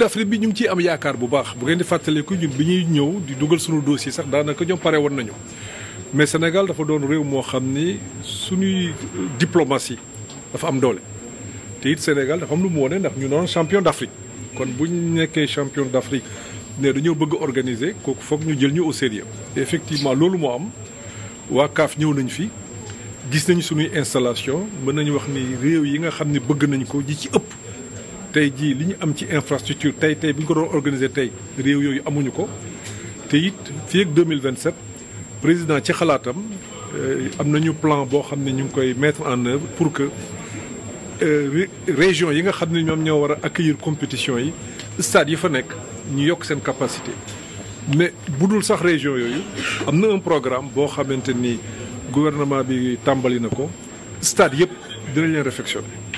d'Afrique bi ñu ngi ciy am yaakaar bu baax bu ngeen di fàttaliku ñu bi ñuy ñëw di dugal suñu dossier sax daanaka ñoom pare woon nañu mais Sénégal dafa doon réew moo xam ni suñuy diplomatie dafa am doole te it Sénégal dafa am lu mu wone ndax ñu noon champion d'Afrique kon bu ñu nekkee champion d'Afrique ne dañoo bëgg a kooku foog ñu jël ñu au sérieux effectivement loolu moo am waa kaaf ñëw nañ fi gis nañ suñuy installation mën nañu wax ni réew yi nga xam ne bëgg nañ ko ji ci ëpp tey jii li ñu am ci infrastructure tey tey bi ñu ko doon organiser tey réew yooyu amuñu ko te it fii ak 2027 président ci xalaatam euh, am nañu plan boo xam ne ñu ngi koy mettre en œuvre pour que euh, région yi nga xam ne ñoom ñoo war a accueillir compétition yi stade yi fa nekk ñu yokk seen capacité mais bu dul sax région yooyu am na un programme boo xamante ni gouvernement bi tàmbali na ko stade yëpp dinañ leen réfectionner